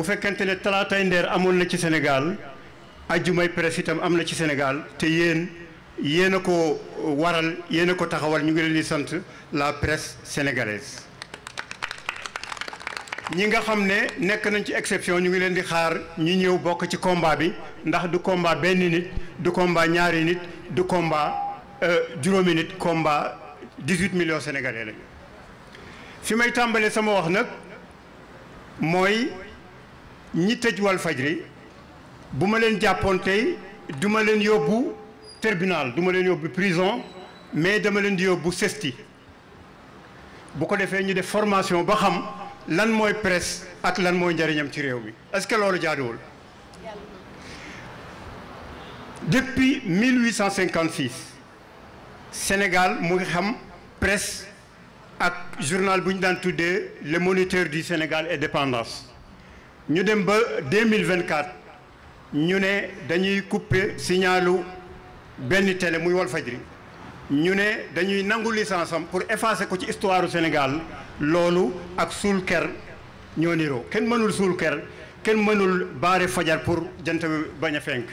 bu fekkente ne talaatay ndeer amoon na ci Sénégal ajjumay presse itam am na ci Sénégal te yéen yéen a ko waral yéen ko taxawal ñu ngi leen di sant la presse sénégalaise ñi nga xam ne nekk nañ ci exception ñu ngi leen di xaar ñu ñëw bokk ci komba bi ndax du combat benn nit du combat ñaari nit du combat euh, juróomi nit combat 18 millions sénégalais lañu fi may tàmbalee sama wax nag mooy ñi tëj Walfadjri bu ma leen jàppoon tey du ma leen yóbbu tribunal du ma leen yóbbu prison mais dama leen di yóbbu sesti bu ko defee ñu def formation ba xam lan mooy presse ak lan mooy njariñam ci réew mi est que loolu jaaduwul depuis 1856 Sénégal mu ngi xam presse ak journal bu ñu daan tuddee le moniteur di Sénégal e dépendance ñu dem ba deux mille vingt quatre ñu ne dañuy couper signalu benn tele muy Walfadjri ñu ne dañuy nangu licence am pour effacer ko ci histoire Sénégal loolu ak suul ker ñoo niroo kenn mënul suul ker kenn mënul baare fajar pour jant bi bañ a fenk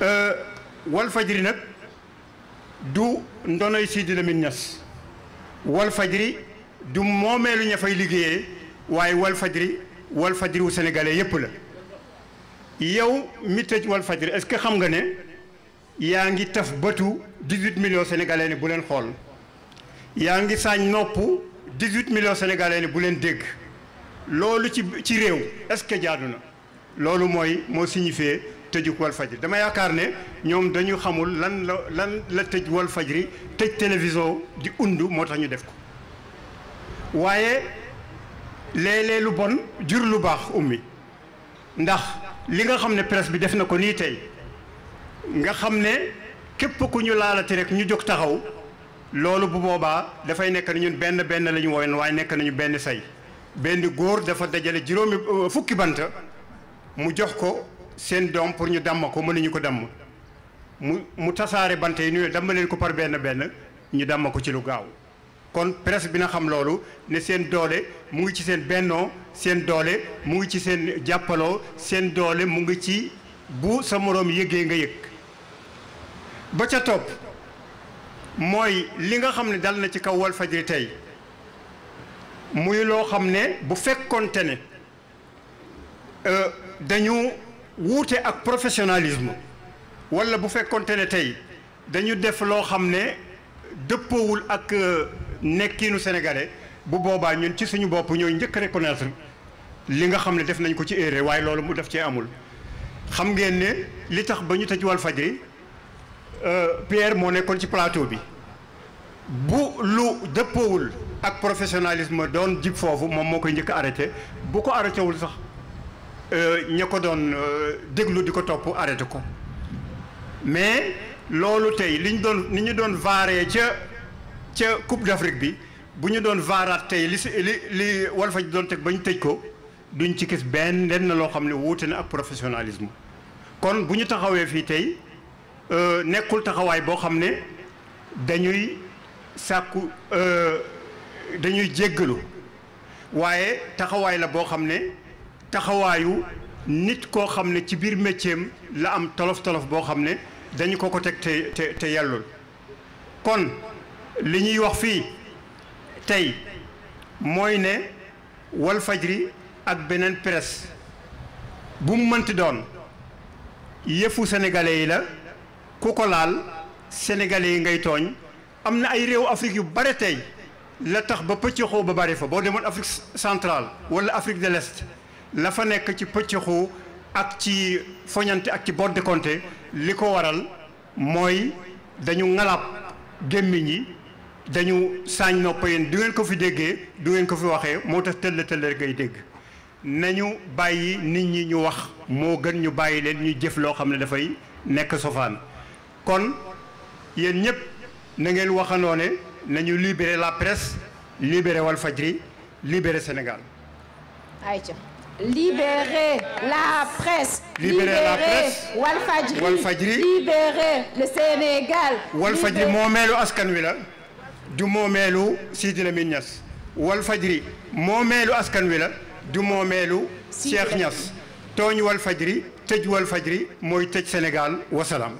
euh, Walfadjri nag du ndonoy Sidi Lamine Niass Walfadjri du moomeelu ña fay liggéeyee waaye Walfadjri Walfadjri wu sénégalais yépp la yow mi tëj Walfadjri est-ce que xam nga ne yaa ngi taf bëtu 18 millions sénégalais ne bu leen xool yaa ngi saañ nopp 18 millions sénégalais ne bu leen dégg loolu ci ci réew est-ce que jaadu na loolu mooy moo signifié tëjuk Walfadjri dama yaakaar ne ñoom dañu xamul lan la lan la tëj Walfadjri tëj télévision di undu moo tax ñu def ko waaye léeg lu bon jur lu baax ummi ndax li nga xam ne presse bi def na ko nii tey nga xam ne képp ku ñu laalati rek ñu jóg taxaw loolu bu boobaa dafay nekk ne ñun benn benn la ñu woyoon waaye nekk nañu benn say benn góor dafa dajale juróomi euh, fukki bant mu jox ko seen doom pour ñu damm ko mënuñu ko damm mu mu tasaare bante yi nuyu damm ko par benn benn ñu damm ko ci lu gaaw kon presse bi na xam loolu ne seen doole mu ngi ci seen bennoo seen doole mu ngi ci seen jàppaloo seen doole mu ngi ci bu sa moroom yëgee nga yëg ba ca topp mooy li nga xam ne dal na ci kaw Walfadjri tey muy loo xam ne bu fekkonte ne euh, dañu wuute ak professionalisme walla bu fekkonte ne tey dañu def loo xam ne dëppoowul ak euh, nekkiinu sénégalais bu boobaa ñun ci suñu bopp ñooy njëkk reconnaître li nga xam ne def nañ ko ci erreur waaye loolu mu def cee amul. xam ngeen ne li tax ba ñu tëj Walfadjri euh, Pierre moo nekkoon ci plateau bi bu lu dëppoowul ak professionalisme doon jib foofu moom moo koy njëkk arrêté bu ko arrêté wul sax euh, ña ko doon euh, déglu di ko topp arrêté ko mais loolu tey li ñu doon ni ca. ca Coupe d'Afrique bi bu ñu doon vaaraat tey li si li li Walfadjri ji doon teg ba ñu tëj ko duñ ci gis benn lenn loo xam ne wuute na ak professionalisme kon bu ñu taxawee fii tey euh, nekkul taxawaay boo xam ne dañuy sàkku euh, dañuy jéggalu waaye taxawaay la boo xam ne taxawaayu nit koo xam ne ci biir métier la am tolof tolof boo xam ne dañu ko ko teg te te te yàllul kon li ñuy wax fii tey mooy ne wal fajri ak beneen presse bu mu mënti doon yëfu sénégalais yi la ku ko laal sénégalais yi ngay tooñ am na ay réew Afrique yu bare tey la tax ba pëccëxoo ba bare fa boo demoon Afrique centrale wala Afrique de l'Est la fa nekk ci pëccëxoo ak ci foñante ak ci bodde konte li ko waral mooy dañu ŋalaab gémmiñ yi dañu saañ nopp yéen du ngeen ko fi déggee du ngeen ko fi waxee moo tax tëll tëll rek ngay dégg nañu bàyyi nit ñi ñu wax moo gën ñu bàyyi leen ñu jëf loo xam ne dafay nekk sofaan kon yéen ñëpp nangeen ngeen waxandoo ne nañu libérer la presse libérer Walfadjri libérer Sénégal. ayca libérer moo meelu askan wi la. du moomeelu Sidy wal fajri moo moomeelu askan wi la du moomeelu Cheikh Niass tooñ Walfadjri tëj Walfadjri mooy tëj Sénégal wasalaam